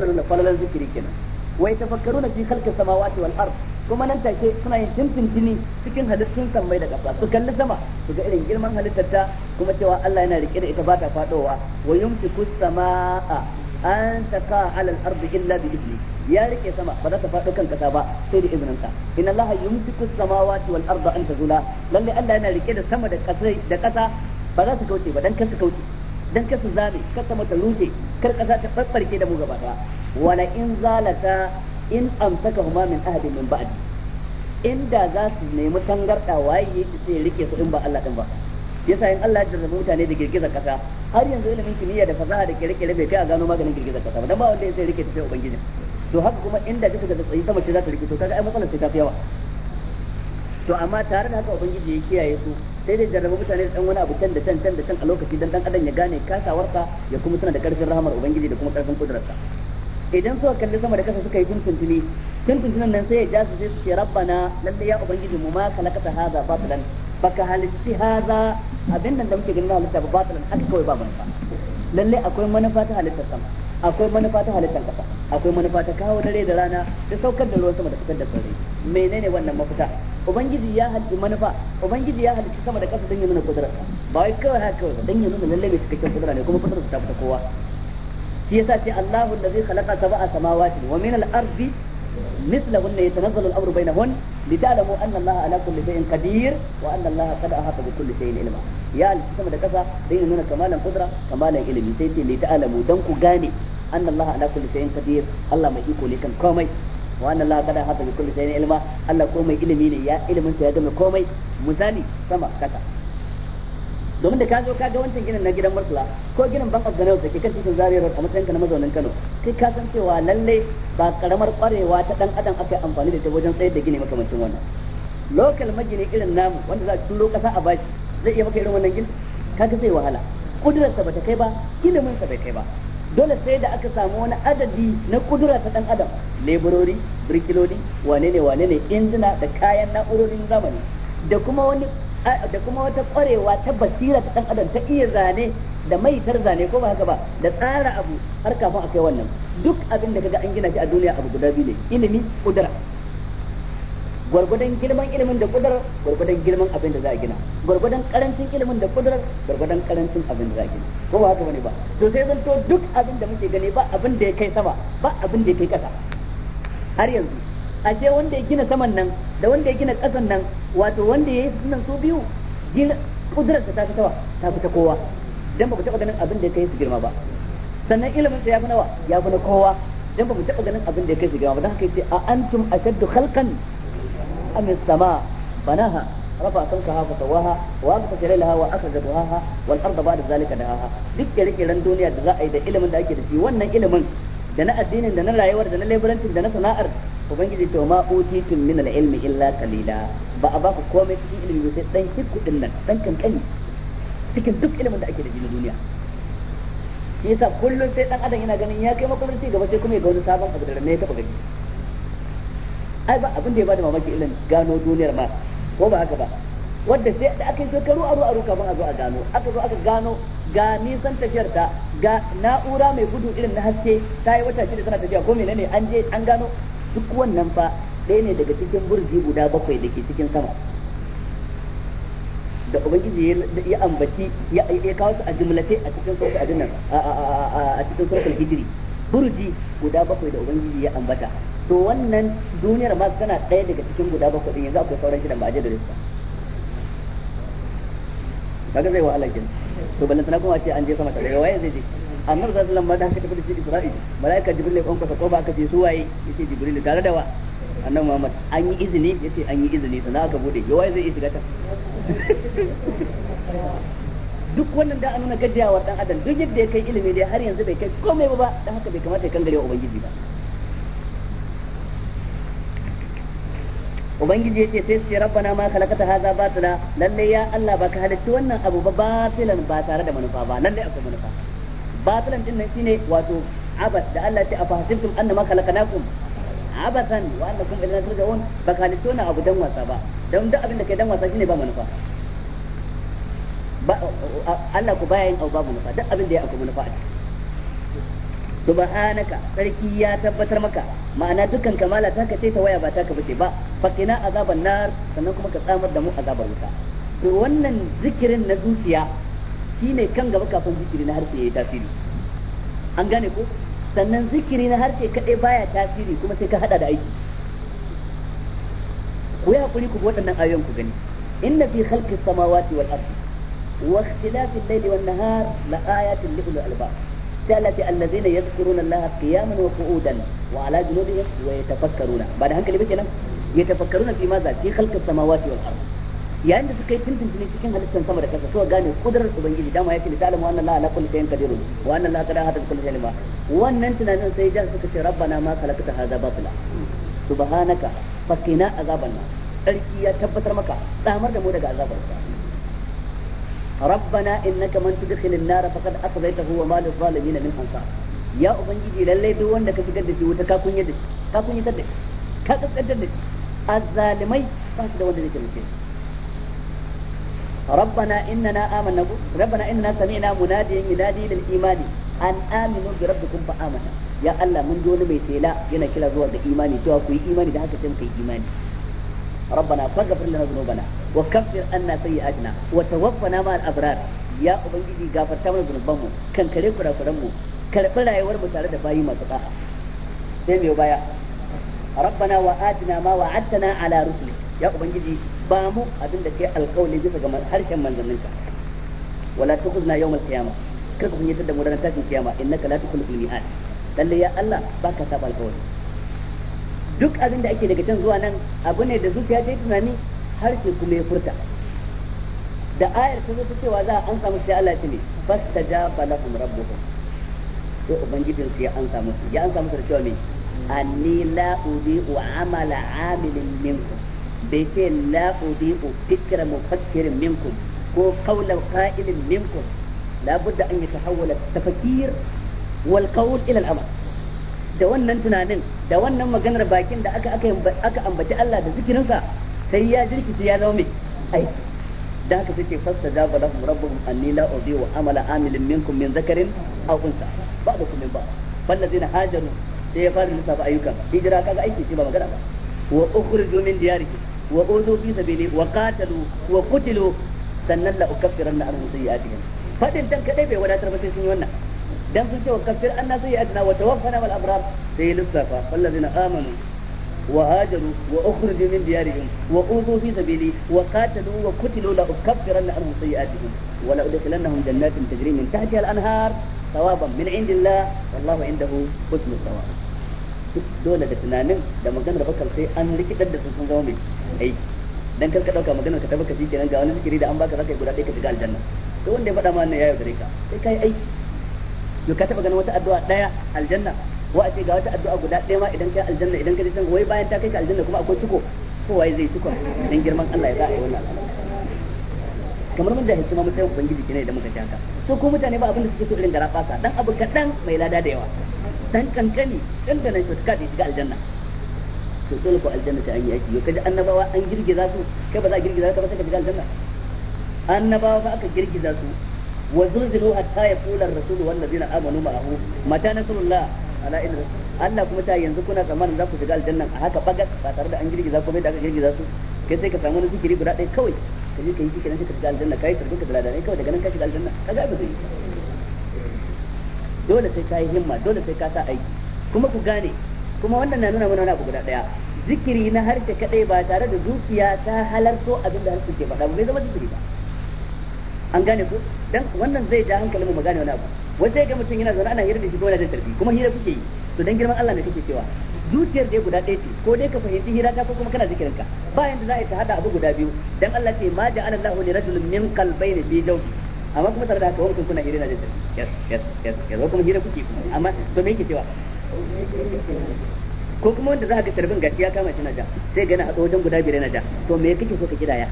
yana nuna falalan zikiri kenan wai tafakkaruna fi khalqis samawati wal ard kuma nan take suna yin tintintini cikin halittun mai da ƙasa su kalli sama su ga irin girman halittar ta kuma cewa Allah yana rike da ita ba ta fadowa wa yumsiku samaa an taka ala al-ardi illa bi idni ya rike sama ba za ta faɗo kan kasa ba sai da izinin sa inna allaha yumsiku samawati wal arda an tazula lalle Allah yana rike da sama da ƙasa da ƙasa ba za su kauce ba dan kar su kauce dan kasu zabe kar sama ta rushe kar kasa ta farfarke da mu gaba daya wala in zalata in amsaka huma min ahadin min ba'di inda za su nemi tangarda waye yake sai rike su in ba Allah din ba yasa in Allah ya jarrabe mutane da girgizar kasa har yanzu ilimin kimiyya da fasaha da kire-kire bai kai a gano maganin girgizar kasa ba dan ba wanda ya sai rike ta sai ubangiji to haka kuma inda kika ga tsayi sama ce za ta rike to kaga ai matsalar sai ta fi yawa to amma tare da haka ubangiji ya kiyaye su sai dai jarraba mutane da dan wani abu can da can can da can a lokaci dan dan adam ya gane kasawarsa ya kuma tana da karfin rahamar ubangiji da kuma karfin kudurarsa idan suka kalli sama da kasa suka yi tuntuntuni tuntuntunan nan sai ya jasu sai su ce rabbana lalle ya ubangiji mu ma kalakata haza batilan baka halitti haza abin nan da muke ganin halitta ba batilan haka kawai ba manufa lalle akwai manufa ta halittar sama akwai manufa ta halittar kasa akwai manufa ta kawo dare da rana da saukar da ruwan sama da fitar da sarari menene wannan mafita ubangiji ya halitta manufa ubangiji ya halitta sama da ƙasa don ya nuna kudurarsa ba wai kawai haka kawai don ya nuna lalle mai cikakken kudura ne kuma kudurarsa ta fita kowa shi yasa ce Allahu allazi khalaqa sab'a samawati wa min al-ardi مثلهن يتنزل الامر بينهن لتعلموا ان الله على كل شيء قدير وان الله قد احاط بكل ilma. Ya يا السما da kasa dai nuna kamalan kudra kamalan ilimi sai ce lita'alamu dan ku gane anna Allaha ala kulli shay'in qadir Allah mai iko ne kan komai wa anna allaha qad ahata bi kulli shay'in ilma Allah ko mai ilimi ne ya ilimin sa ya gama komai misali sama kasa domin da ka zo ka ga wancan ginin na gidan Murtala ko ginin bankar of Ghana da ke kan cikin zariyar a matsayin ka na mazaunin Kano kai ka san cewa lalle ba karamar kwarewa ta dan adam aka yi amfani da ta wajen tsayar da gini makamancin wannan lokal magini irin namu wanda za a tullo kasa a bashi zai iya maka irin wannan gini ga zai wahala kudurarsa ba ta kai ba ilimin sa bai kai ba dole sai da aka samu wani adadi na kudura ta dan adam leburori birkiloni wane ne wane ne injina da kayan na'urorin zamani da kuma wani da kuma wata kwarewa ta basira ta dan adam ta iya zane da maitar zane ko ba haka ba da tsara abu har kafin a kai wannan duk abin da kaga an gina shi a duniya abu guda biyu ne ilimi kudura gwargwadon girman ilimin da kudurar gwargwadon girman abin da za a gina gwargwadon karancin ilimin da kudurar gwargwadon karancin abin da za a gina ko ba haka bane ba to sai zan to duk abin da muke gani ba abin da ya kai sama ba abin da ya kai kasa har yanzu ashe wanda ya gina saman nan da wanda ya gina kasan nan wato wanda ya yi sunan su biyu kudurar ta fi tawa ta fi ta kowa dan ba ku taba ganin abin da ya kai su girma ba sannan ilimin sa ya fi nawa ya fi na kowa dan ba ku taba ganin abin da ya kai su girma ba dan haka yace a antum ashaddu khalqan أم السماء بناها رفع سمكها فسواها وأغطش ليلها وأخرج ضحاها والأرض بعد ذلك دهاها ذكر ذكر الدنيا دغاء إذا إلى من ذلك في وأن إلى من da na addinin da na rayuwar da na leburancin da na sana'ar ubangiji to ma utitum min al-ilmi illa ba a komai cikin ilimi cikin duk ilimin da ake da shi na duniya shi yasa kullum sai dan adam yana ganin ya kai makamanci gaba sai kuma ya ga wani sabon abu da ne ya taba gani ai ba abin da ya bada mamaki irin gano duniyar ba, ko ba haka ba Wanda sai da aka yi shekaru aro aro kafin a zo a gano aka zo aka gano ga nisan tafiyar ta ga na'ura mai gudu irin na haske ta yi wata shida tana tafiya ko menene an je an gano duk wannan fa ɗaya ne daga cikin burji guda bakwai da ke cikin sama da ubangiji ya ambaci ya kawo su a jimlace a cikin sauka a cikin sauka hijiri burji guda bakwai da ubangiji ya ambata to wannan duniyar ma tana ɗaya daga cikin guda bakwai din yanzu akwai sauran shidan ba a je da ba kaga zai wahala kin to ballan sana kuma ce an je sama daga waye zai je annabi sallallahu alaihi lamba da haka tafi da shi Isra'il malaika jibril ya kwankwasa ko ba aka je su waye yace jibril tare da wa annabi Muhammad an yi izini yace an yi izini sannan aka bude ya waye zai iya shiga ta duk wannan da an nuna gajiyawa dan adam duk yadda ya kai ilimi dai har yanzu bai kai komai ba dan haka bai kamata ya kangare wa ubangiji ba ubangiji yace sai sai rabbana ma khalaqata hadha batila lalle ya Allah baka halitta wannan abu ba batilan ba tare da manufa ba lalle akwai manufa batilan din nan shine wato abas da Allah ya ce afahasibtum annama khalaqnakum abasan wa annakum ilayna turja'un baka halitta wannan abu dan wasa ba dan duk abin da kai dan wasa shine ba manufa ba Allah ku bayan abu babu manufa duk abin da ya akwai manufa a cikin. subhanaka sarki ya tabbatar maka ma'ana dukkan kamala ta kace ta waya ba ta ka bace ba fakina azaban nar sannan kuma ka tsamar da mu azabar wuta to wannan zikirin na zuciya shine kan gaba kafin zikiri na harshe yayi tasiri an gane ko sannan zikiri na harshe kadai baya tasiri kuma sai ka hada da aiki ku ya kuri ku waɗannan ayoyin ku gani inna fi khalqis samawati wal ardi wa ikhtilafil layli wan nahar la ayatin li ulil albab sai Allah ce allazina yadhkuruna Allah qiyaman wa qu'udan wa ala junubihim wa yatafakkaruna ba da hankali ba kenan yayin da suka yi tuntuntuni cikin halittar sama da kasa suka gane kudurar ubangiji dama yake da alamu anna la ala kulli shay'in qadir wa anna la hada kulli shay'in wannan tunanin sai jan suka ce rabbana ma khalaqta hadha batila subhanaka faqina azaban sarki ya tabbatar maka tsamar da mu daga azabar rabbana innaka man tudkhil an-nar faqad akhzaytahu wa ma lil-zalimin min ansar ya ubangiji lalle duk wanda ka shigar da shi wuta ka kunya da shi ka kunya da shi ka kaskadar da ba su da wanda ربنا إننا آمنا ربنا إننا سمعنا مناديا ينادي للإيمان أن آمنوا بربكم فآمنا يا الله من دون ميتلا ينا كلا زوار إيماني توا كوي إيماني ده هكذا كوي إيماني ربنا فاغفر لنا ذنوبنا وكفر عنا سيئاتنا وتوفنا مع الابرار يا ubangiji gafarta mana zunubanmu kan kare kurakuran mu karɓi rayuwar mu tare da bayi masu ta'a sai mai baya rabbana wa atina ma wa'adtana ala rusulik ya ubangiji ba mu abin da kai alƙawli bisa ga harshen manzanninka wala tukhzna yawmal qiyamah kada kun yi da mu ranar tashin kiyama innaka la tukhliqul ya Allah baka saba alƙawari duk abin da ake daga can zuwa nan abu ne da zuciya ta yi tunani harshe kuma ya furta da ayar ta zo ta cewa za a amsa musu sai Allah ya ce ne fastajaba lahum rabbuhum sai ubangijin su ya amsa musu ya ansa musu da cewa me anni la udi'u amala amilin minkum bai ce la udi'u fikra mufakkirin minkum ko qawla qa'ilin minkum la budda an yatahawwala tafakir wal qawl ila al-amal da wannan tunanin da wannan maganar bakin da aka aka ambaci Allah da zikirinsa sai ya jirkice ya zama mai aiki da haka suke fastajaba lahum rabbuhum anni la wa amala amilin minkum min zakarin aw unsa ba'dukum min ba fallazina hajaru sai ya fara lissafa ayyukan hijira kaga aiki ce ba magana ba wa ukhriju min diyarihi wa uzu fi sabili wa qatalu wa qutilu sannan la ukaffiranna anhum sayyi'atihim fadin dan kadai bai wadatar ba sai sun yi wannan dan sun ce wa kafir anna sayyi'atina wa tawaffana wal abrar sai lissafa wallazina amanu wa hajaru wa ukhrijuu min diyarihim wa uzu fi sabili wa qatalu wa kutilu la ukaffiranna anhum sayiatihim wa la udkhilannahum jannatin tajri min tahtiha al anhar thawaban min indillah wallahu indahu husnul thawab duk dole da tunanin da maganar bakar sai an rikidar da su sun zama mai ai dan kar dauka maganar ka ta baka shi kenan ga wani zikiri da an baka zakai guda ɗaya ka shiga aljanna to wanda ya faɗa ma wannan yayi gare ka sai kai aiki to ka taba ganin wata addu'a daya aljanna wa a ce ga wata addu'a guda daya ma idan ka aljanna idan ka je can wai bayan ta kai ka aljanna kuma akwai ciko ko waye zai ciko dan girman Allah ya za a yi wannan kamar mun da hikima mu sai ubangiji kine idan muka ji haka so ko mutane ba abin da suke so irin gara fasa dan abu kadan mai lada da yawa dan kankani dan da nan shortcut ya shiga aljanna to dole ko aljanna ta an yi aiki kaji annabawa an girgiza su kai ba za a girgiza ka ba sai ka shiga aljanna annabawa ba aka girgiza su وزلزلوا حتى يقول الرسول والذين امنوا معه متى نصر الله ala idris Allah kuma ta yanzu kuna tsammanin za ku shiga aljanna a haka bagas ba tare da an girgiza ko bai da aka girgiza su kai sai ka samu wani zikiri guda ɗaya kawai ka je ka yi zikirin sai ka shiga aljanna kai ka rubuta da kawai daga nan ka shiga aljanna kaga ba zai dole sai ka yi himma dole sai ka sa aiki kuma ku gane kuma wannan na nuna mana wani abu guda ɗaya zikiri na harshe kaɗai ba tare da dukiya ta halarto abin da harshe ke faɗa ba bai zama zikiri ba an gane ku dan wannan zai ja hankalin mu gane wani abu wanda zai ga mutum yana zaune ana hira da shi ko yana jin tarbi kuma hira kuke yi to dan girman Allah ne kake cewa zuciyar dai guda ɗaya ce ko dai ka fahimci hira ta ko kuma kana zikirin ka ba yanda za a yi ta hada abu guda biyu dan Allah ce ma ja'ala Allahu li rajulin min qalbayn bi jawfi amma kuma tare da haka wani kuna hira na jin tarbi yes yes yes yes kuma hira kuke kuma amma to me yake cewa ko kuma wanda za ka tarbin gaskiya ya kama shi na ja sai ga a haɗo wajen guda biyar na ja to me kake so ka kidaya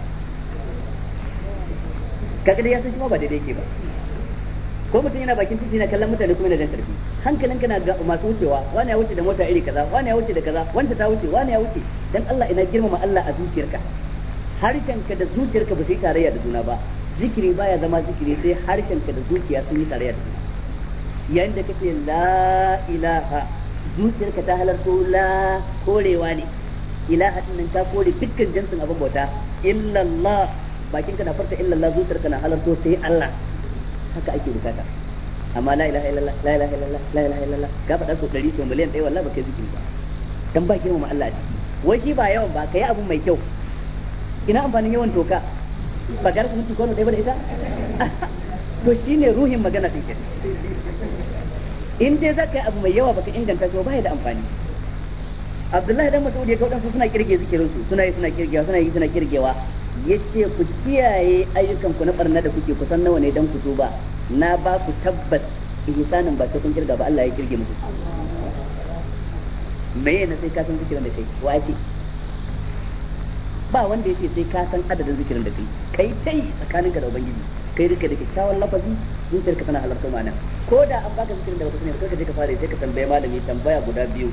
kaga dai ya san shi ma ba daidai yake ba ko mutum yana bakin titi yana kallon mutane kuma yana jan karfi hankalinka na ga masu wucewa wani ya wuce da mota iri kaza wani ya wuce da kaza wanda ta wuce wani ya wuce dan Allah ina girmama Allah a zuciyarka ka da zuciyarka ba su yi tarayya da juna ba zikiri baya zama zikiri sai ka da zuciya sun yi tarayya da juna yayin da kace la ilaha zuciyarka ta halarto la korewa ne ilaha din nan ta kore dukkan jinsin abin bauta illallah bakin ka na farta illallah zuciyar ka na halarto sai Allah haka ake bukata amma la ilaha illallah la ilaha illallah la ilaha illallah ga fada ko dari to miliyan dai wallahi baka zikiri ba dan ba girmama Allah ne wai shi ba yawan ba kai abu mai kyau ina amfanin yawan toka ba ga mutu ko dai ba da ita to shine ruhin magana take in dai za ka yi abu mai yawa baka inganta shi ba ya da amfani Abdullahi dan masudi ya kawo dan suna kirge zikirin su suna yi suna kirgewa suna yi suna kirgewa yace ku kiyaye ayyukan ku na barna da kuke kusan nawa ne dan ku tuba na ba ku tabbas ihsanin ba ta kun kirga ba Allah ya kirge muku me yana sai ka san zikirin da kai wace ba wanda yace sai ka san adadin zikirin da kai kai tai ka da ubangiji kai rike da kyakkyawan lafazi ka tana halartar ma'ana ko da an baka zikirin da baka sani ba ka je ka fara sai ka tambaye malami tambaya guda biyu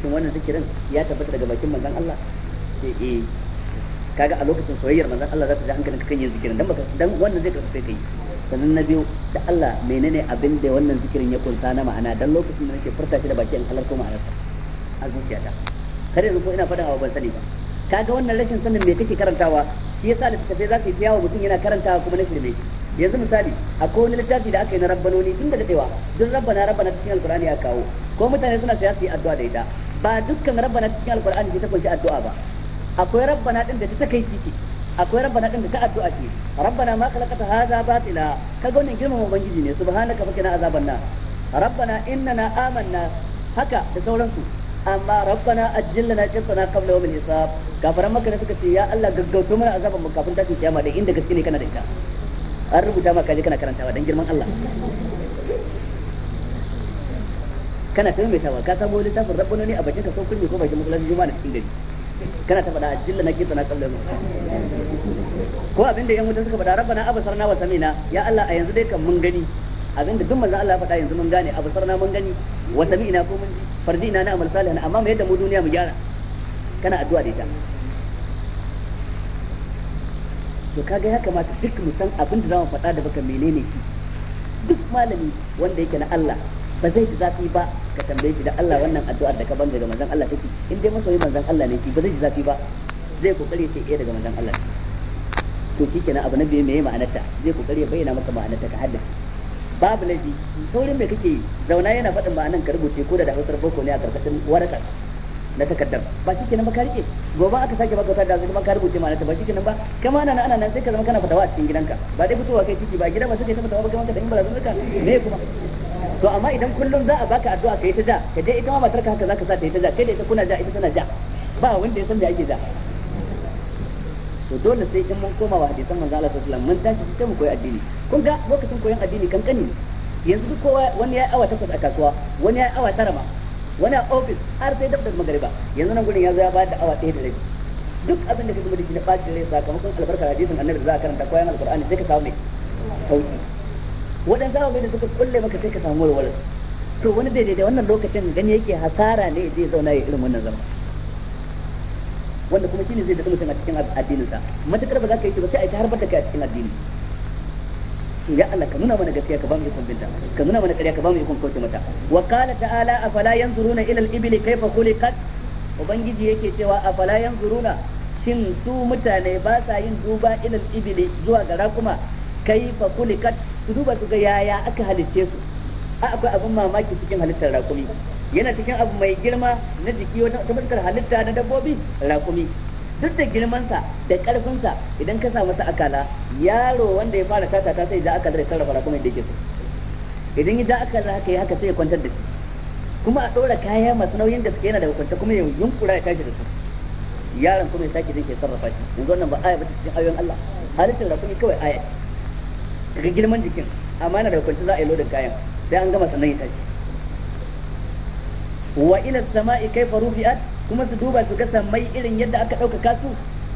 shin wannan zikirin ya tabbata daga bakin manzon Allah sai eh kaga a lokacin soyayyar manzon Allah za ta ji hankalinka kan yin zikirin dan baka dan wannan zai karfafe kai sannan na biyu da Allah menene abin da wannan zikirin ya kunsa na ma'ana dan lokacin da nake furta shi da baki in halarta sa a zuciyata kar yanzu ko ina faɗa wa ban sani ba kaga wannan rashin sanin me kake karantawa shi yasa littattafai za ka yi yawo mutum yana karantawa kuma na shirme yanzu misali akwai wani littafi da aka yi na rabbanoni tun da cewa duk rabbana rabbana cikin alqur'ani ya kawo ko mutane suna saya yi addu'a da ita ba dukkan rabbana cikin alqur'ani ke ta addu'a ba akwai rabbana din da ta kai ciki akwai rabbana din da ta addu'a ce rabbana ma khalaqta hadha batila kaga wannan girman ubangiji ne subhanaka fakina azaban nar rabbana innana amanna haka da sauransu amma rabbana lana qisana qabla yawmil hisab kafaran maka ne suka ce ya Allah gaggauto mana azaban mu kafin tashin kiyama da inda gaske ne kana da ita an rubuta maka je kana karantawa dan girman Allah kana taimakawa ka samu littafin rabbana ne a bakin ka sau kunne ko bakin musulunci juma'a cikin gari kana ta faɗa ajilla na tana kallon mu ko abin da yan wuta suka faɗa rabbana abasarna wa samina ya Allah a yanzu dai kan mun gani abin da duk manzon Allah ya faɗa yanzu mun gane abasarna mun gani wa samina ko mun ji farjina na amal salihan amma mu yadda mu duniya mu gyara kana addu'a da ita to kaga ya kamata duk mu san abin da zamu faɗa da baka menene shi duk malami wanda yake na Allah ba zai ji zafi ba ka tambaye shi da Allah wannan addu'ar da ka ban daga manzon Allah take in dai masoyi manzon Allah ne shi ba zai ji zafi ba zai kokari sai iya eh, daga manzon Allah to shikenan abu na biye meye ma'anarta zai kokari ya bayyana maka ma'anarta ka hadda babu laifi saurin me kake yi zauna yana faɗin ma'anar ka rubuce ko da da hausar boko ne a karkashin warakar na takardar ba shi kenan ba ka rike gobe aka sake baka wata da zama ka rubuce ma'anarta ba shi kenan ba kama nan ana nan sai ka zama kana fatawa a cikin gidanka ba dai fitowa kai ciki ba gidan ba sai ka fatawa ba kamar ka da in ba za ka me kuma to amma idan kullum za a baka addu'a kai ta ja ka je ita ma matar ka haka zaka sa ta yi ta ja kai da ita kuna ja ita tana ja ba wanda ya san me ake ja to dole sai in mun koma wa hadisan manzo Allah sallallahu alaihi wasallam mun tashi sai mu koyi addini kun ga lokacin koyon addini kankani yanzu duk kowa wani ya awa takwas a kasuwa wani ya awa tara ma wani a ofis har sai dabdar magariba yanzu nan gurin ya zo ya bada awa ɗaya da rabi duk abin da ka gama da shi na ɓacin rai sakamakon albarkar hadisin annabi da za a karanta koyon alkur'ani sai ka samu mai sauki waɗansu ababai da suka kulle maka sai ka samu walwalar to wani daidai da wannan lokacin gani yake hasara ne zai zauna ya irin wannan zama wanda kuma shine zai da mutum a cikin addinin matakar ba za ka yi ba sai a yi harbar da kai a cikin addini ya Allah ka nuna mana gaskiya ka ba mu ikon binta ka nuna mana ƙarya ka ba mu ikon kauce mata wa qala ta'ala afala yanzuruna ila al-ibil kayfa khuliqat ubangiji yake cewa afala yanzuruna shin su mutane ba sa yin duba ila al-ibil zuwa ga raƙuma kayfa khuliqat su duba su ga yaya aka halicce su a akwai abin mamaki cikin halittar rakumi yana cikin abu mai girma na jiki wata fuskar halitta na dabbobi rakumi duk da girmansa da ƙarfinsa idan ka sa masa akala yaro wanda ya fara tata ta sai ja akalar ya sarrafa rakumin da yake so idan ya ja akalar haka ya haka sai ya kwantar da shi kuma a ɗora kaya masu nauyin da suke yana da kwanta kuma ya yunkura ya tashi da su yaron kuma ya sake zai ke sarrafa shi yanzu wannan ba aya ba cikin ayoyin Allah halittar rakumi kawai aya ga girman jikin amma yana da kwanci za a yi lodin kayan sai an gama sannan ya tashi wa ila sama'i kaifa rufi'at kuma su duba su ga sammai irin yadda aka dauka kasu?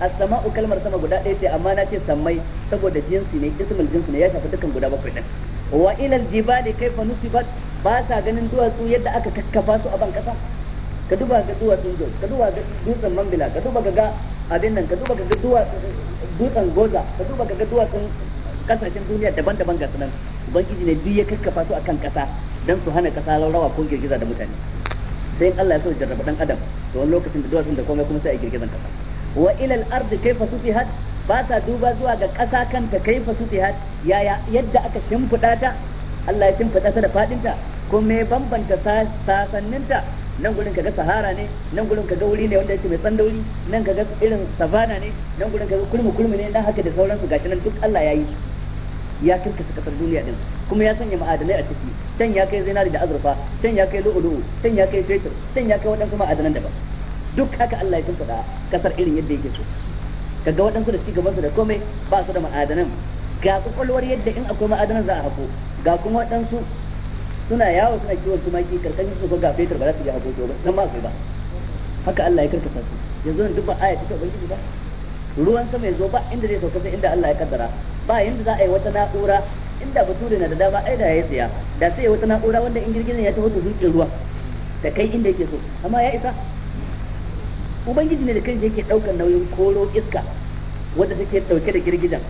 as-sama'u kalmar sama guda ɗaya ce amma na ce sammai saboda jinsi ne ismul jinsi ne ya shafi dukkan guda bakwai din wa ila al-jibali fa nusibat ba sa ganin duwatsu yadda aka kakkafa su a ban kasa ka duba ga duwatsun jos ka duba ga dutsen mambila ka duba ga abin nan ka duba ga dutsen goza ka duba ga duwatsun kasashen duniya daban-daban ga sunan ubangiji ne duk ya kakkafa su akan kasa dan su hana kasa rawa ko girgiza da mutane sai in Allah ya so jarraba dan adam to wani lokacin da duwatsun da komai kuma sai a girgizan kasa wa ila al-ard kayfa sutihat ba ta duba zuwa ga kasa kanta kayfa sutihat yaya yadda aka shimfida ta Allah ya shimfida ta da fadinta ko me bambanta sasanninta nan gurin kaga sahara ne nan gurin kaga wuri ne wanda yake mai tsandauri nan kaga irin savana ne nan gurin kaga kulmu kulmu ne dan haka da sauransu gashi nan duk Allah ya yi ya saka kasar duniya din kuma ya sanya ma'adanai a ciki can ya kai zinari da azurfa can ya kai lu'ulu'u can ya kai fetur can ya kai waɗansu ma'adanan daban duk haka Allah ya tuntuɗa kasar irin yadda yake so kaga waɗansu da su da komai ba su da ma'adanan ga kwakwalwar yadda in akwai ma'adanan za a hako ga kuma waɗansu suna yawo suna kiwon tumaki karkashin su ga fetur ba za su yi hako ba nan ba ba haka Allah ya karkasa su yanzu duk ba aya ta ubangiji ba ruwan sama ya zo ba inda zai sauka sai inda Allah ya kaddara ba yanda za a yi wata na'ura inda bature na da dama ai da ya tsaya da sai wata na'ura wanda in girgizan ya taho to zuke ruwa da kai inda yake so amma ya isa ubangiji ne da kanshi yake daukar nauyin koro iska wadda take dauke da girgizan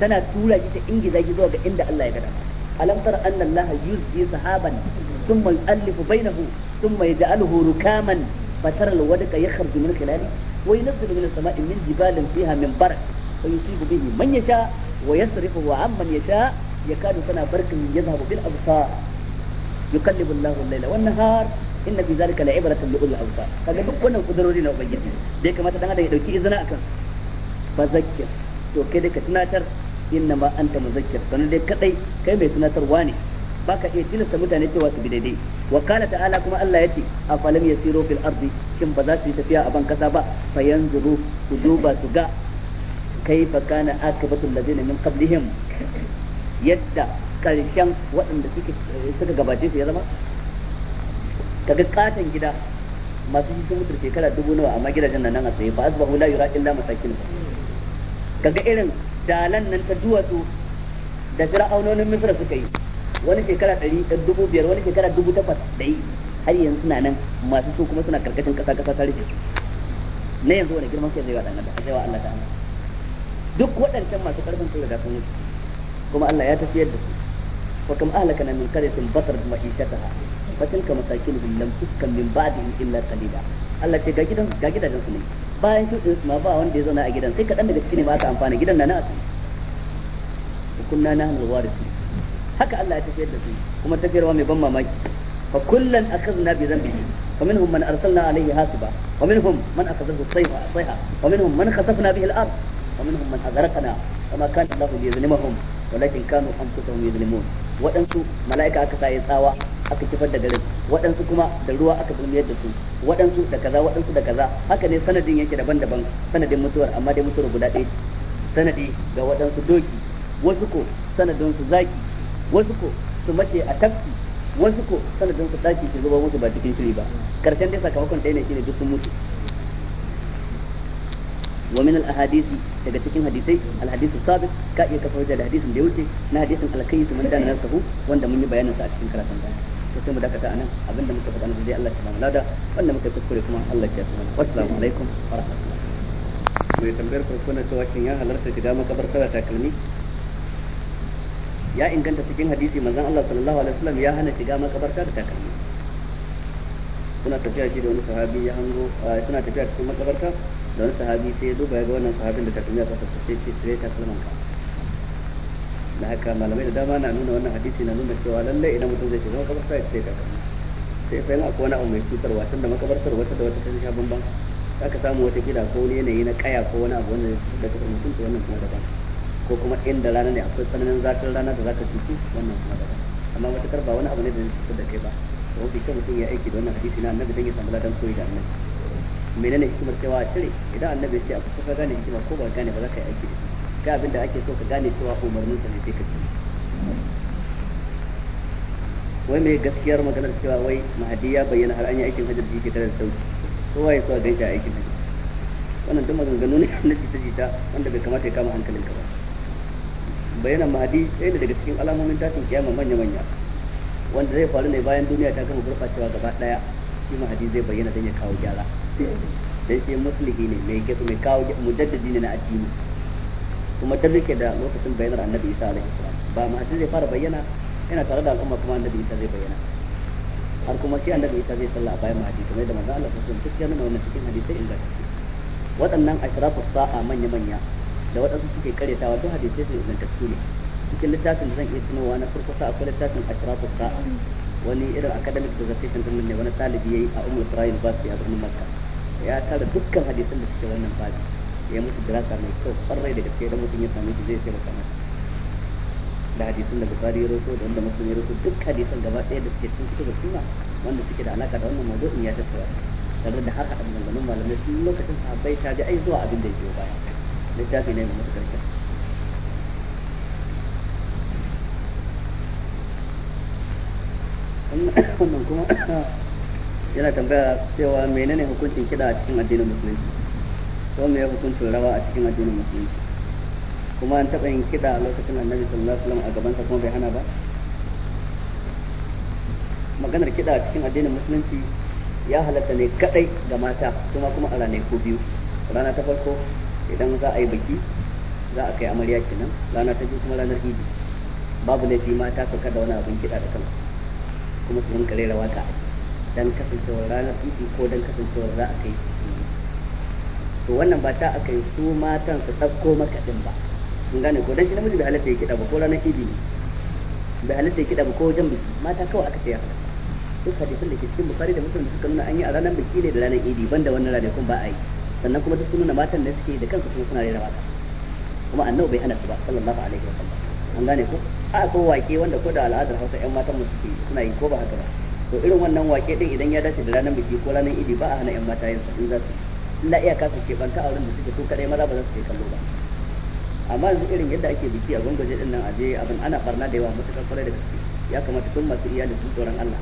tana tura ki ta ingiza ki zuwa ga inda Allah ya gada alam tara anna Allah yuzji sahaban thumma yu'allifu bainahu thumma yaj'aluhu rukaman fatara alwadqa yakhruju min khilali wa yunzilu min as-sama'i min jibalin fiha min barak فيصيب به من يشاء ويصرفه عمن يشاء يكاد سنا برق يذهب بالابصار يقلب الله الليل والنهار inna fi zalika la ibratan li ulil absar kaga duk wannan kudarori na ubangiji da ya kamata dan adam ya dauki izina akan fa zakkir to kai da ka tunatar inna ma anta muzakkir dai kadai kai mai tunatarwa ne baka iya tilasta mutane cewa su bi daidai wa ta ala kuma Allah yace afalam yasiru fil ardi shin ba za su yi tafiya a ban kasa ba fa yanzuru su kaifa kana akibatul ladina min qablihim yadda karshen waɗanda suke suka gabace su ya zama kaga katon gida masu shi sun mutu shekara dubu nawa amma gidajen nan a tsaye fa asbahu la yura illa masakin kaga irin dalan nan ta duwatsu da fir'aunonin misra suka yi wani shekara ɗari dubu biyar wani shekara dubu takwas da har yanzu suna nan masu su kuma suna karkashin kasa kasa tarihi na yanzu wani girman kai zai wa ɗan adam zai wa Allah ta'ala duk waɗancan masu karfin sun riga sun mutu kuma Allah ya tafiyar da su wa kam ahlaka na min qaryatin batar ma'ishataha fa tilka masakinuhum lam tuskan min ba'dihim illa qalila Allah ce ga gidan ga gidajen su ne bayan shuɗin su ma ba wanda ya zauna a gidan sai kaɗan daga cikin ma aka amfana gidan na na asali kunna na hannun warisi haka Allah ya tafiyar da su kuma tafiyarwa mai ban mamaki fa kullan akhadna bi dhanbihi فمنهم من أرسلنا عليه هاسبا ومنهم من أخذته الصيحة ومنهم من خسفنا به الأرض ومنهم من أغرقنا وما كان الله ليظلمهم ولكن كانوا أنفسهم يظلمون waɗansu mala'ika aka sa tsawa aka kifar da garin waɗansu kuma da ruwa aka zulmiyar da su waɗansu da kaza waɗansu da kaza haka ne sanadin yake daban-daban sanadin mutuwar amma dai mutuwar guda ɗaya sanadi doki wasu ko sanadin su zaki wasu ko a tafki wasu ko sanadin su ba cikin shiri ba karshen dai sakamakon ɗaya ne shine duk sun mutu wa min al daga cikin hadisai al-hadith sabiq ka iya kafa hujja da hadisin da ya wuce na hadisin al-kayyis man dana nasahu wanda mun yi bayanin sa a cikin karatun baya to sai mu dakata anan abinda muka faɗa na dai Allah ya samu lada wanda muka kuskure kuma Allah ya samu assalamu alaikum wa rahmatullahi mai tambayar farko na cewa shin ya halarta shiga makabartar takalmi ya inganta cikin hadisi manzon Allah sallallahu alaihi wasallam ya hana shiga makabarta da takalmi suna tafiya shi da wani sahabi ya hango suna tafiya cikin makabarta don sahabi sai ya duba ya ga wannan sahabin da takalmi a kasa sai ce sai kalman ka da haka malamai da dama na nuna wannan hadisi na nuna cewa lallai idan mutum zai shiga makabarta ya ta takalmi sai fa yana akwai wani abu mai cutarwa tun da makabartar wata da wata ta sha bamban ka samu wata kila ko wani yanayi na kaya ko wani abu wanda da kasar mutum ko wannan kuma daban ko kuma inda rana ne akwai tsananin zafin rana da za ka cuci wannan kuma daban amma matakar ba wani abu ne da zai cutar da kai ba to mafi kyau mutum ya aiki da wannan hadisi na annabi dan ya samu ladan koyi da annabi menene hikimar cewa a cire idan annabi ce a kusa gane hikimar ko ba gane ba za ka yi aiki da ga abin da ake so ka gane cewa umarnin sa ne sai ka ci wai mai gaskiyar maganar cewa wai mahadi ya bayyana har an yi aikin hajjar jiki tare da sauki ko waye so a a aikin hajjar wannan duk maganganu ne na jita jita wanda bai kamata ya kama hankalin ka ba bayanan mahadi ɗaya ne daga cikin alamomin tashin kiyama manya manya wanda zai faru ne bayan duniya ta gama gurɓacewa gaba ɗaya shi mahadi zai bayyana don ya kawo gyara sai sai muslihi ne mai kafa mai kawo mujaddadi ne na addini kuma ta rike da lokacin bayanar annabi isa alaihi salam ba ma sai zai fara bayyana yana tare da al'umma kuma annabi isa zai bayyana har kuma shi annabi isa zai salla a bayan mahadi kamar yadda manzo Allah sallallahu alaihi wasallam cikin wannan cikin hadisi take waɗannan ashrafu sa'a manya manya da waɗansu suke karyatawa duk hadisai inda take ne cikin littafin da zan iya tunowa na farko sa akwai littafin ashrafu sa'a wani irin academic dissertation din ne wani talibi yayi a Ummul Isra'il Bas ya birnin Makka ya tara dukkan hadisan da suke wannan babi ya musu dirasa mai kyau kwarai da gaske da mutum ya same shi zai taimaka masa da hadisan da bukari ya rawaito da wanda muslim ya rawaito duk hadisan gaba ɗaya da suke cikin kitabu sunna wanda suke da alaka da wannan mawdu'in ya tattara tare da har abin da malamai sun lokacin sahabbai ta ji ai zuwa abin da ya biyo baya littafi ne mai matukar kyau wannan kuma yana tambaya cewa menene hukuncin kiɗa a cikin addinin musulunci ko me ya hukuncin rawa a cikin addinin musulunci kuma an taɓa yin kiɗa a lokacin annabi sallallahu alaihi wasallam a gabansa kuma bai hana ba maganar kiɗa a cikin addinin musulunci ya halatta ne kadai ga mata kuma kuma a ko biyu rana ta farko idan za a yi biki za a kai amarya kenan rana ta biyu kuma ranar idi babu laifi mata su kada wani abin kiɗa da kansu kuma su rinka rera waka a dan kasancewar ranar titi ko dan kasancewar za a kai to wannan ba ta aka yi su matan su maka din ba kun gane ko dan shi namiji bai halatta ya kiɗa ba ko ranar idi ne bai halatta ya kiɗa ba ko wajen biki mata kawai aka tsaya duk hadisin da ke cikin bukari da musulmi suka nuna an yi a ranar biki ne da ranar idi banda wannan kun ba a yi sannan kuma duk sun nuna matan da suke da kansu kuma suna rera mata kuma annabi bai hana su ba sallallahu alaihi wasallam an gane ko a ko wake wanda ko da al'adar Hausa ƴan matan mu suke suna yi ko ba haka ba to irin wannan wake din idan ya dace da ranar biki ko ranar idi ba a hana yan mata yin in za su illa iya kasa ke banta a wurin da suke su kadai maza ba za su je kallo ba amma yanzu irin yadda ake biki a gwangwaje din nan a je abin ana barna da yawa matuƙar kwarai da gaske ya kamata tun masu iyali sun tsoron Allah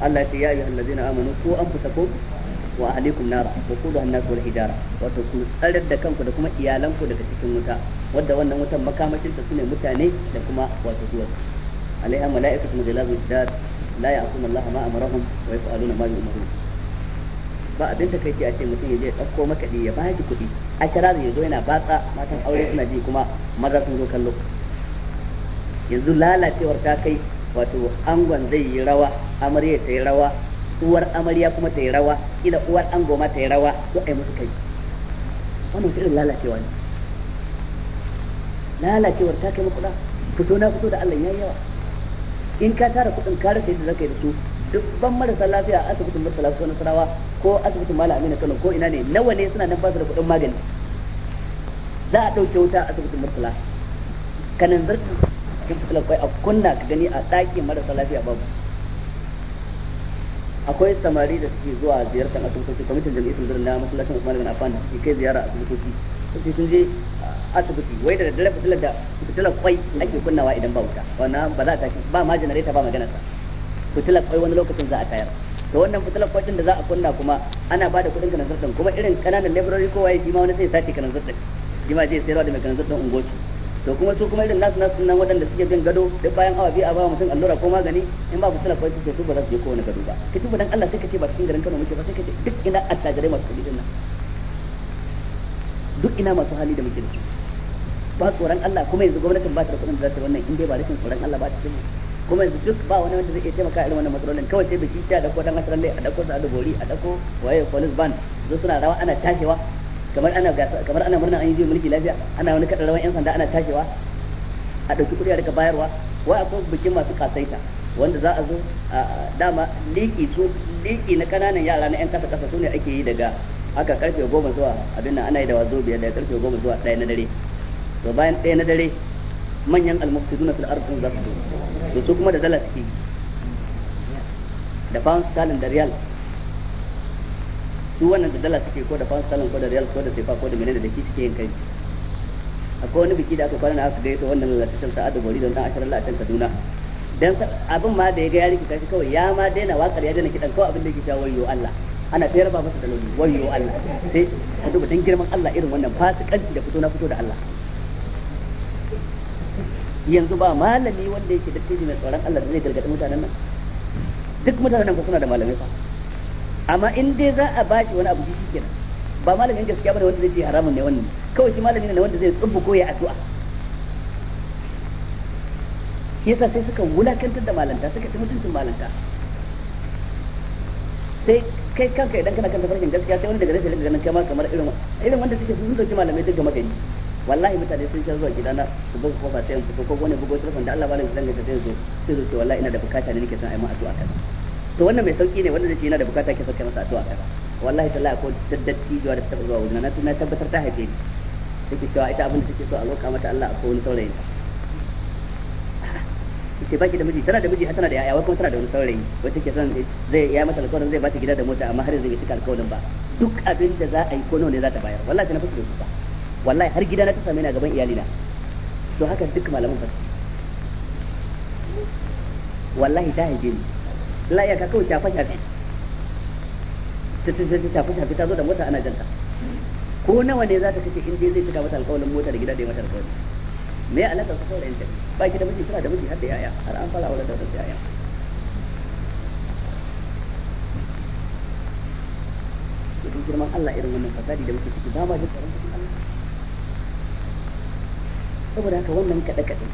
Allah ya ce ya ayyuhal na amanu ko ku ko wa alaikum nara wa ko da nas wal hijara wato ku tsarar da kanku da kuma iyalanku daga cikin wuta wadda wannan wutan makamashin ta ne mutane da kuma wato duwatsu alaiha mala'ikatu mujallabu shidad la ya'suna Allah ma amarahum wa yaf'aluna ma yu'marun ba abin ta kai a ce mutum ya je ɗauko makaɗi ya ba baki kuɗi a kira zai zo yana batsa matan aure suna ji kuma maza sun zo kallo yanzu lalacewar ta kai wato angon zai yi rawa amarya ta yi rawa uwar amarya kuma ta yi rawa ila uwar ango ma ta yi rawa ko ai musu kai wannan irin lalacewa ne lalacewar ta kai makuɗa fito na fito da Allah yayi yawa in ka tara kuɗin ka rufe yadda zaka yi da su duk ban marasa lafiya a asibitin Murtala ko Nasarawa ko asibitin mala amina Kano ko ina ne nawa ne suna nan basu da kuɗin magani za a ɗauke wuta a asibitin Murtala kanan zartin cikin fitilar kwai a kunna ka gani a ɗaki marasa lafiya babu akwai samari da suke zuwa ziyartar asibitoci kwamitin jami'in sun na masallacin Usman bin Affan da suke kai ziyara asibitoci sai sun je asibiti wai da daddare fitilar da fitilar kwai ake kunnawa idan ba wuta wannan ba za a tashi ba ma janareta ba maganar sa fitilar kwai wani lokacin za a tayar to wannan fitilar kwai da za a kunna kuma ana bada kuɗin kanan zartan kuma irin kananan laborari kowa ya ma wani sai sace kanan zartan shi ma zai sayarwa da mai kanan zartan ungoci to kuma su kuma irin nasu nasu nan waɗanda suke bin gado duk bayan awa biyu a ba mutum allura ko magani in ba fitilar kwai suke su ba za su je kowane gado ba ka tuba dan Allah sai ka ce ba cikin garin Kano muke ba sai ka ce duk ina attajirai masu kuɗi din nan duk ina masu hali da muke da su ba tsoron Allah kuma yanzu gwamnatin ba ta da kuɗin da za ta wannan in dai ba rashin tsoron Allah ba ta cikin kuma yanzu duk ba wani wanda zai iya taimaka irin wannan matsalolin kawai sai da shi ta dauko dan asirin dai a dauko sa da bori a dauko waye police band zo suna rawa ana tashewa kamar ana kamar ana murna an yi jiya mulki lafiya ana wani kada rawan yan sanda ana tashewa a dauki kuɗi a rika bayarwa wai akwai bikin masu kasaita wanda za a zo dama liki su liki na kananan yara na yan kasa kasa su ne ake yi daga haka karfe goma zuwa abin nan ana yi da wazo biyar da karfe goma zuwa ɗaya na dare to bayan ɗaya na dare manyan almufsiduna fil ardi za su to su kuma da dala suke da pound sterling da riyal su wannan da dala suke ko da pound sterling ko da riyal ko da sefa ko da menene da ki suke yin kai akwai wani biki da aka kwana na aka to wannan lalatattar sa'adu bori don dan ashirin la'atan kaduna dan abin ma da ya ga ya rikita shi kawai ya ma daina wakar ya daina kidan kawai abin da yake shawo wayo Allah ana tsayar ba masa daloli wayo Allah sai ka duba dan girman Allah irin wannan fasikanci da fito na fito da Allah yanzu ba malami wanda yake da tiji mai tsoron Allah da zai gargaɗi mutanen nan duk mutanen nan suna da malami fa amma in dai za a bashi wani abu shi kenan ba malamin gaskiya bane wanda zai ce haramun ne wannan kawai shi malami ne wanda zai tsubu koyi ya addu'a yasa sai suka wulakantar da malanta suka ci mutuncin malanta sai kai kanka idan kana kan tafarkin gaskiya sai wani daga rashin ganin kai ma kamar irin irin wanda suke sun dauki malamai duk gama gari wallahi mutane sun sha zuwa gidana su buga kofa sai in fito ko wani bugo telefon da Allah malam zanga sai zo sai zo ce wallahi ina da bukata ne nake son ai ma addu'a kaza to wannan mai sauki ne wanda zai ce ina da bukata ke sauke masa addu'a kaza wallahi ta tallahi ko daddaci zuwa da ta zuwa wajen na tabbatar ta haife ni take cewa ita abin da take so a lokacin mata Allah a ko wani saurayin ta ce baki da miji tana da miji har tana da yaya kuma tana da wani saurayi wacce ke son zai ya mata alƙawarin zai bata gida da mota amma har yanzu bai cika alƙawarin ba duk abin da za a yi ko nawa ne za ta bayar wallahi na fasu da wallahi har gida na ta same ni gaban iyalina to haka duk malaman fasu wallahi ta haife ni la ya ka kawai shafa shafi ta ta ta shafa shafi ta zo da mota ana janta ko nawa ne za ta kace in dai zai cika mata alƙawarin mota da gida da ya mata alƙawarin me ya alaka su da intanet ba ki da miji kira da miji har da yaya har an fara auren da wadansu yaya idan girman Allah irin wannan fasadi da muke ciki ba ji tsaron cikin Allah saboda haka wannan kaɗe kaɗe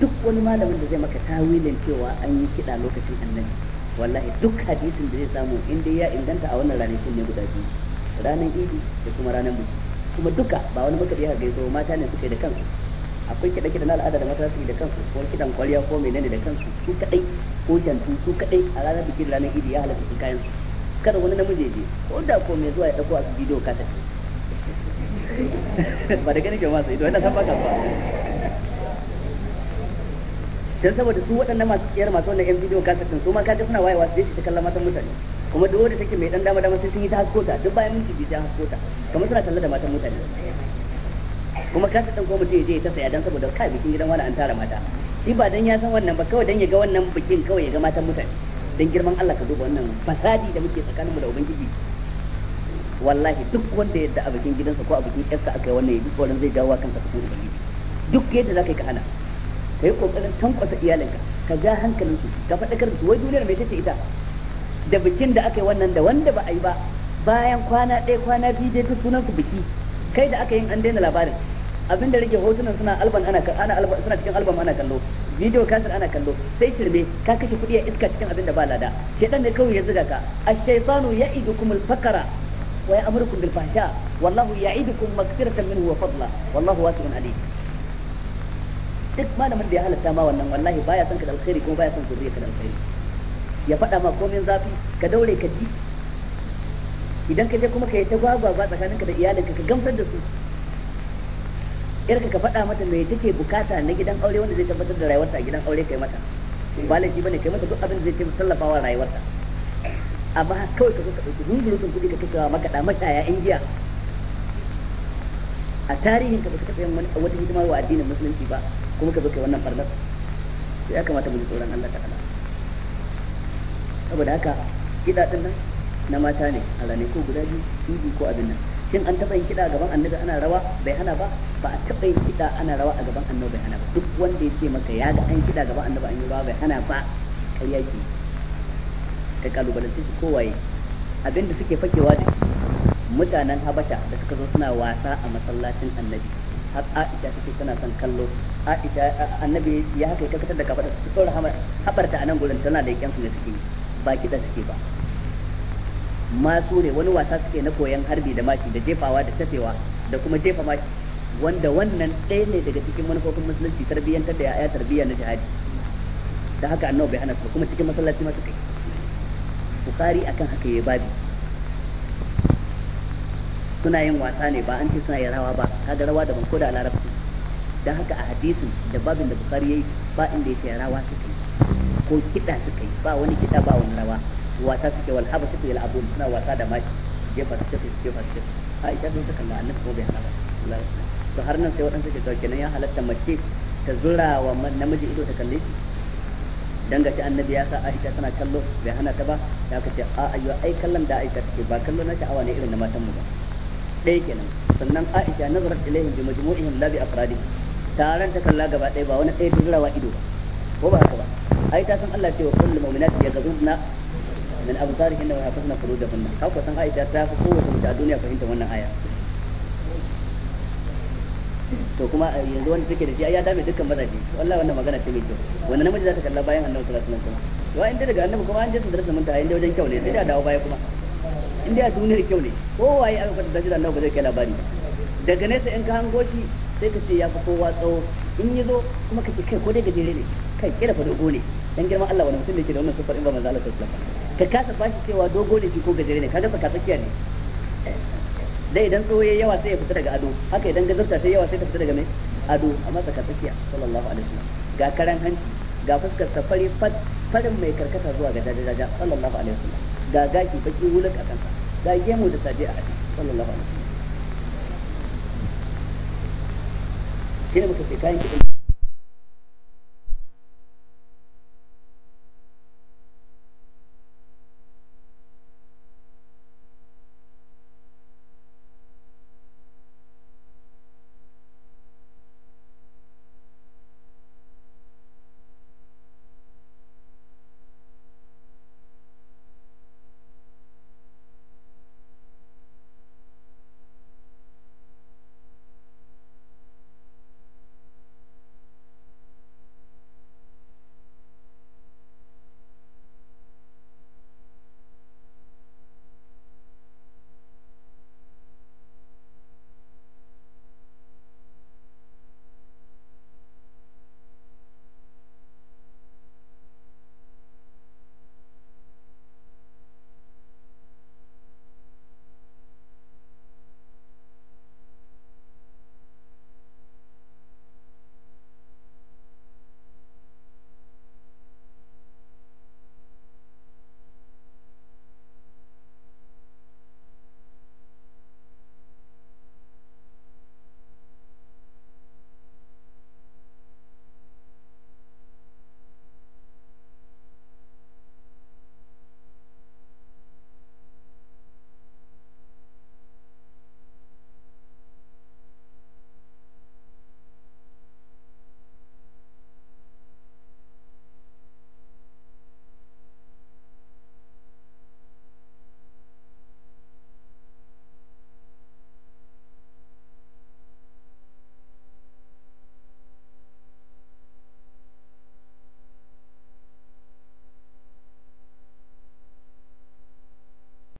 duk wani malamin da zai maka tawilin cewa an yi kiɗa lokacin annabi wallahi duk hadisin da zai samu in dai ya inganta a wannan ranakun ne guda biyu ranar idi da kuma ranar biki kuma duka ba wani makaɗi haka gaiso mata ne suka yi da kansu akwai kiɗa kiɗa na al'ada da mata su da kansu ko kiɗan kwariya ko menene da kansu su kadai ko jantu su kadai a ranar bikin ranar idi ya halatta su kayan su kada wani namiji je ko da ko mai zuwa ya dauko a bidiyo ka tafi ba da ke jama'a ido wannan san baka ba dan saboda su waɗannan masu tsayar masu wannan yan bidiyo ka tafi su ma kaga suna wayewa su je su kallon matan mutane kuma duk wanda take mai dan dama dama sai sun yi ta haskota duk bayan minti biyu ta haskota kamar suna talla da matan mutane kuma kasa ɗan goma ya je ya tafi saya dan saboda kai bikin gidan wani an tara mata shi ba dan ya san wannan ba kawai dan ya ga wannan bikin kawai ya ga matan mutane dan girman Allah ka duba wannan fasadi da muke tsakanin mu da ubangiji wallahi duk wanda yadda a bikin gidansa ko a bikin ƴarsa aka yi wannan ya ji tsoron zai jawo kansa cikin ubangiji duk yadda za ka yi ka hana ka yi kokarin tankwasa iyalinka ka ga su ka faɗakar kar su wai duniyar mai tace ita da bikin da aka yi wannan da wanda ba a yi ba bayan kwana ɗaya kwana biyu dai ta sunan su biki kai da aka yi an daina labarin abin da rage hotunan suna alban ana ana alban suna cikin alban ana kallo video kasir ana kallo sai shirme ka kashe kuɗi a iska cikin abin da ba lada shedan ne kawai ya zuga ka ash-shaytanu ya'idukum al-fakara wa ya'murukum bil fahsha wallahu ya'idukum maghfiratan minhu wa fadla wallahu wasi'un alim duk malamin da ya halatta ma wannan wallahi baya son ka da alkhairi kuma baya son zuriya ka da alkhairi ya faɗa ma komin zafi ka daure ka ji idan ka je kuma ka yi ta gwagwagwa tsakaninka da iyalinka ka gamsar da su irka ka faɗa mata me take bukata na gidan aure wanda zai tabbatar da rayuwarta a gidan aure kai mata ba laifi bane kai mata duk abin da zai taimaka tallafawa rayuwarta amma kawai ka zo ka ɗauki rungurutun kuɗi ka maka makaɗa mata ya injiya a tarihin ka ka taɓa yin wata hidima wa addinin musulunci ba kuma ka zo kai wannan farnar ya kamata mu ji tsoron Allah ta'ala saboda haka kiɗa nan na mata ne a ko guda biyu ko abin nan shin an taɓa yin kiɗa a gaban annabi ana rawa bai hana ba ba a taɓa yin kiɗa ana rawa a gaban annabi bai hana ba duk wanda ya ce maka ya ga an kiɗa gaban annabi an yi rawa bai hana ba ƙarya ke ka kalubalance su kowaye abinda suke fakewa da mutanen habasha da suka zo suna wasa a masallacin annabi har aisha take tana son kallo aisha annabi ya haka ya karkatar da kafa da su saura habarta a nan gurin tana da yakin su ne suke ba kiɗa suke ba masu ne wani wasa suke na koyan harbi da maki da jefawa da tafewa da kuma jefa maki wanda wannan ɗaya ne daga cikin manufofin musulunci tarbiyyantar da ya tarbiyya na jihadi da haka annabi bai hana su kuma cikin masallaci ma suka yi bukari akan haka yayi babi suna yin wasa ne ba an ce suna yin rawa ba kaga rawa daban ko da larabci dan haka a hadisin da babin da bukari yayi ba inda yake rawa suka yi ko kiɗa suka yi ba wani kiɗa ba wani rawa wata suke wal haba suke yal abun suna wasa da maki jefa su suke jefa su ita sun suka kalla annabi ko bai hana ba to har nan sai waɗansu ke sauke nan ya halatta mace ta zura wa namiji ido ta kalle shi dan gashi annabi ya sa Aisha tana kallo bai hana ta ba ya kace a ayyo ai kallon da Aisha take ba kallo na sha'awa ne irin na matan mu ba dai kenan sannan Aisha nazarat ilaihim bi majmu'ihim la bi afradi taran ta kalla gaba ɗaya ba wani ɗaya ta zurawa ido ba ko ba haka ba ai ta san Allah cewa kullu mu'minati ya gazubna min absarihinna wa hafizna furujahunna haka san Aisha ta fi kowace mace a duniya fahimta wannan aya to kuma eh, yanzu wanda take da shi ya dame dukkan mazaje wallahi wannan magana ce mai kyau wanda namiji za ta kalla bayan annabi sallallahu alaihi wasallam to in daga annabi kuma an je sun darasa manta inda wajen kyau ne sai da dawo baya kuma inda ya duniyar kyau ne kowa ya aka kwata da annabi ba zai kai labari daga sai in ka hango shi sai ka ce ya fi kowa tsawo in yi zo kuma ka ce kai ko dai gajere ne kai kira fa dogo ne dan girma Allah wani mutum ne ke da wannan sifar in ba manzo Allah sallallahu alaihi ka kasa bashi cewa dogo ne ko gajere ne kaga saka tsakiya ne dai idan tsoho yayi yawa sai ya fita daga ado haka idan gazarta sai yawa sai ta fita daga mai ado amma saka tsakiya sallallahu alaihi wasallam ga karan hanci ga fuskar ta fari farin mai karkata zuwa ga dajajaja sallallahu alaihi wasallam ga gaki baki wulak a kansa ga gemu da saje a hadi sallallahu alaihi wasallam kina muka sai kayan